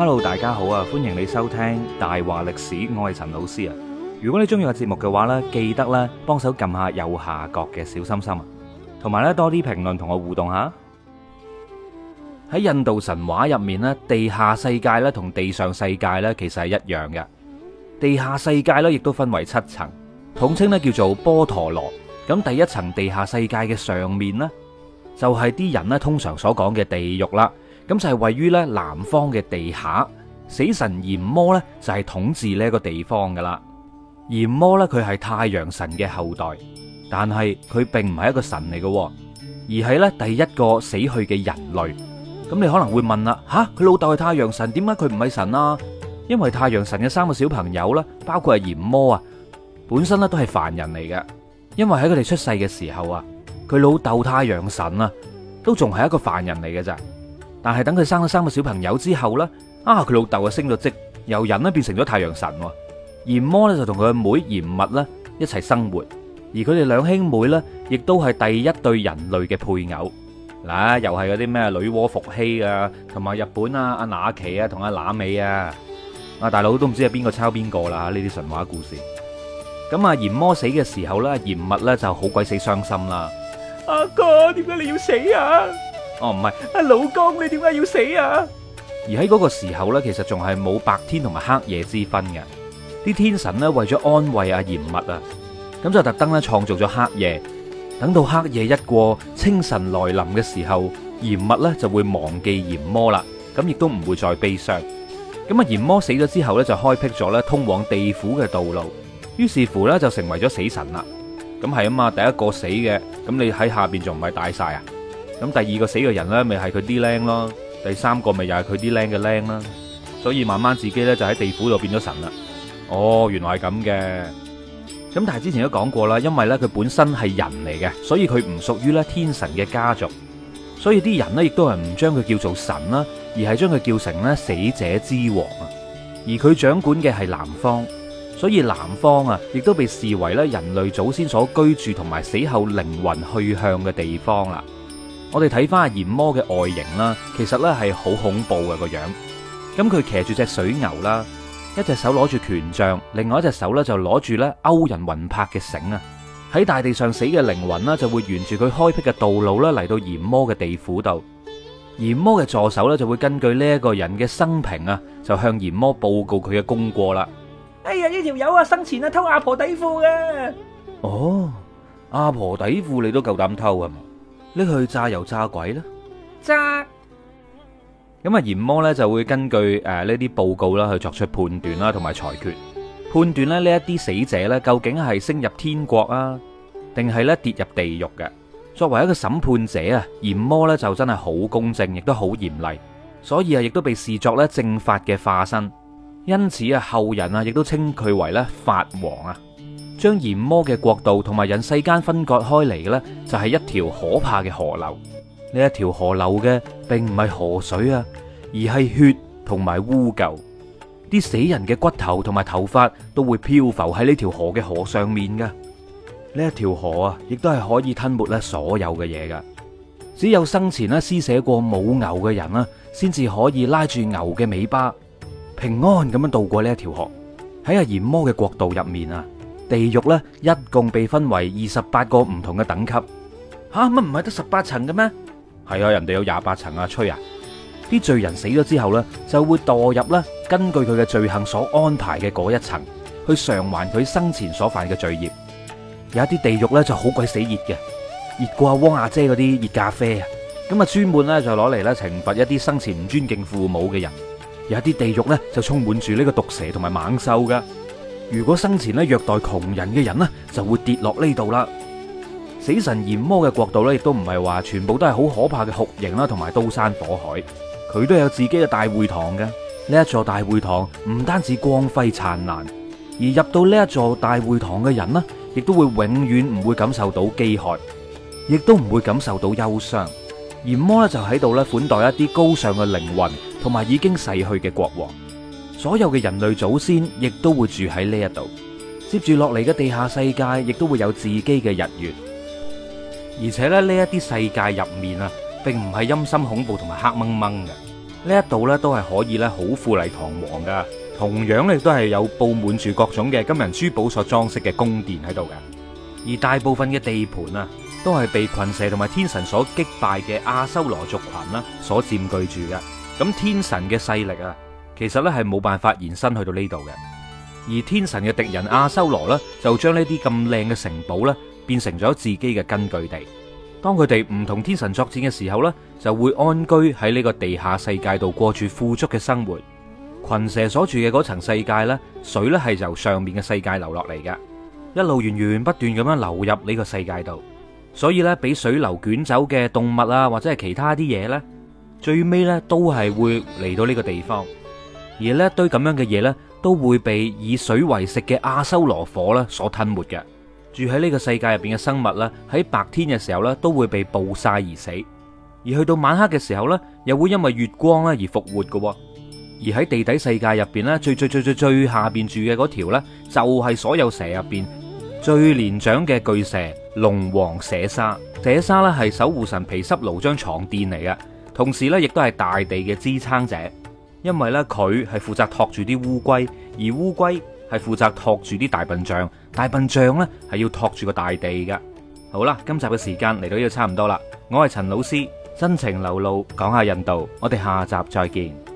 Hello，大家好啊！歡迎你收聽大話歷史，我係陳老師啊。如果你中意個節目嘅話呢，記得咧幫手撳下右下角嘅小心心啊，同埋呢多啲評論同我互動下。喺印度神話入面呢，地下世界咧同地上世界呢其實係一樣嘅。地下世界呢亦都分為七層，統稱呢叫做波陀羅。咁第一層地下世界嘅上面呢，就係、是、啲人呢通常所講嘅地獄啦。咁就係位於咧南方嘅地下，死神閻魔咧就係統治呢一個地方噶啦。閻魔咧佢係太陽神嘅後代，但係佢並唔係一個神嚟喎，而係咧第一個死去嘅人類。咁你可能會問啦吓，佢老豆係太陽神，點解佢唔係神啊？因為太陽神嘅三個小朋友咧，包括係閻魔啊，本身咧都係凡人嚟嘅。因為喺佢哋出世嘅時候啊，佢老豆太陽神啊，都仲係一個凡人嚟嘅咋。但係等佢生咗三個小朋友之後咧，啊佢老豆啊升咗職，由人咧變成咗太陽神，炎魔咧就同佢阿妹炎物咧一齊生活，而佢哋兩兄妹咧亦都係第一對人類嘅配偶嗱，又係嗰啲咩女媧伏羲啊，同埋日本啊阿那奇啊同阿那美啊，啊大佬都唔知係邊個抄邊個啦吓呢啲神話故事，咁啊炎魔死嘅時候咧，炎物咧就好鬼死傷心啦，阿哥點解你要死啊？哦，唔係阿老公，你點解要死啊？而喺嗰個時候呢，其實仲係冇白天同埋黑夜之分嘅。啲天神呢為咗安慰阿閻物啊，咁就特登創造咗黑夜。等到黑夜一過，清晨來臨嘅時候，閻物呢就會忘記閻魔啦。咁亦都唔會再悲傷。咁啊，閻魔死咗之後呢，就開闢咗呢通往地府嘅道路。於是乎呢，就成為咗死神啦。咁係啊嘛，第一個死嘅，咁你喺下邊仲唔係大晒啊？咁第二個死嘅人呢，咪係佢啲僆咯；第三個咪又係佢啲僆嘅僆啦。所以慢慢自己呢就喺地府度變咗神啦。哦，原來係咁嘅。咁但係之前都講過啦，因為呢，佢本身係人嚟嘅，所以佢唔屬於呢天神嘅家族。所以啲人呢亦都係唔將佢叫做神啦，而係將佢叫成呢死者之王啊。而佢掌管嘅係南方，所以南方啊亦都被視為呢人類祖先所居住同埋死後靈魂去向嘅地方啦。我哋睇翻阿閻魔嘅外形啦，其實呢係好恐怖嘅個樣。咁佢騎住隻水牛啦，一隻手攞住權杖，另外一隻手咧就攞住咧勾人魂魄嘅繩啊。喺大地上死嘅靈魂啦，就會沿住佢開闢嘅道路呢嚟到閻魔嘅地府度。閻魔嘅助手呢，就會根據呢一個人嘅生平啊，就向閻魔報告佢嘅功過啦。哎呀，呢條友啊，生前啊偷阿婆底褲嘅。哦，阿婆底褲你都夠膽偷啊？你去炸油炸鬼咧，炸咁啊！閻魔呢，就會根據誒呢啲報告啦，去作出判斷啦，同埋裁決判斷咧呢一啲死者呢，究竟係升入天國啊，定係呢跌入地獄嘅。作為一個審判者啊，閻魔呢，就真係好公正，亦都好嚴厲，所以啊，亦都被視作咧正法嘅化身。因此啊，後人啊亦都稱佢為咧法王啊。將閻魔嘅國度同埋人世間分割開嚟嘅呢，就係一條可怕嘅河流。呢一條河流嘅並唔係河水啊，而係血同埋污垢。啲死人嘅骨頭同埋頭髮都會漂浮喺呢條河嘅河上面噶。呢一條河啊，亦都係可以吞沒咧所有嘅嘢噶。只有生前呢施捨過母牛嘅人啊，先至可以拉住牛嘅尾巴，平安咁樣渡過呢一條河。喺阿閻魔嘅國度入面啊～地獄咧，一共被分為二十八個唔同嘅等級。吓、啊，乜唔係得十八層嘅咩？係啊，人哋有廿八層啊！吹啊，啲罪人死咗之後呢，就會墮入呢根據佢嘅罪行所安排嘅嗰一層，去償還佢生前所犯嘅罪孽。有一啲地獄呢就好鬼死熱嘅，熱過阿汪阿姐嗰啲熱咖啡啊！咁啊，專門呢就攞嚟呢懲罰一啲生前唔尊敬父母嘅人。有一啲地獄呢就充滿住呢個毒蛇同埋猛獸噶。如果生前咧虐待窮人嘅人咧，就會跌落呢度啦。死神閻魔嘅國度咧，亦都唔係話全部都係好可怕嘅酷刑啦，同埋刀山火海。佢都有自己嘅大會堂嘅。呢一座大會堂唔單止光輝燦爛，而入到呢一座大會堂嘅人咧，亦都會永遠唔會感受到飢渴，亦都唔會感受到憂傷。閻魔咧就喺度咧款待一啲高尚嘅靈魂，同埋已經逝去嘅國王。所有嘅人類祖先亦都會住喺呢一度，接住落嚟嘅地下世界亦都會有自己嘅日月，而且咧呢一啲世界入面啊，並唔係陰森恐怖同埋黑掹掹嘅，呢一度呢，都係可以呢好富麗堂皇噶，同樣咧都係有布滿住各種嘅金銀珠寶所裝飾嘅宮殿喺度嘅，而大部分嘅地盤啊，都係被群蛇同埋天神所擊敗嘅阿修羅族群啦所佔據住嘅，咁天神嘅勢力啊。其實呢係冇辦法延伸去到呢度嘅，而天神嘅敵人阿修羅呢，就將呢啲咁靚嘅城堡呢，變成咗自己嘅根據地。當佢哋唔同天神作戰嘅時候呢，就會安居喺呢個地下世界度，過住富足嘅生活。群蛇所住嘅嗰層世界呢，水呢係由上面嘅世界流落嚟嘅，一路源源不斷咁樣流入呢個世界度，所以呢，俾水流捲走嘅動物啊，或者係其他啲嘢呢，最尾呢都係會嚟到呢個地方。而呢一堆咁樣嘅嘢呢，都會被以水為食嘅阿修羅火呢所吞沒嘅。住喺呢個世界入邊嘅生物呢，喺白天嘅時候呢，都會被暴曬而死，而去到晚黑嘅時候呢，又會因為月光呢而復活嘅。而喺地底世界入邊呢，最最最最最下邊住嘅嗰條呢，就係、是、所有蛇入邊最年長嘅巨蛇龍王蛇沙。蛇沙呢，係守護神毗濕奴張床墊嚟嘅，同時呢，亦都係大地嘅支撐者。因為咧，佢係負責托住啲烏龜，而烏龜係負責托住啲大笨象，大笨象咧係要托住個大地嘅。好啦，今集嘅時間嚟到呢度差唔多啦，我係陳老師，真情流露講下印度，我哋下集再見。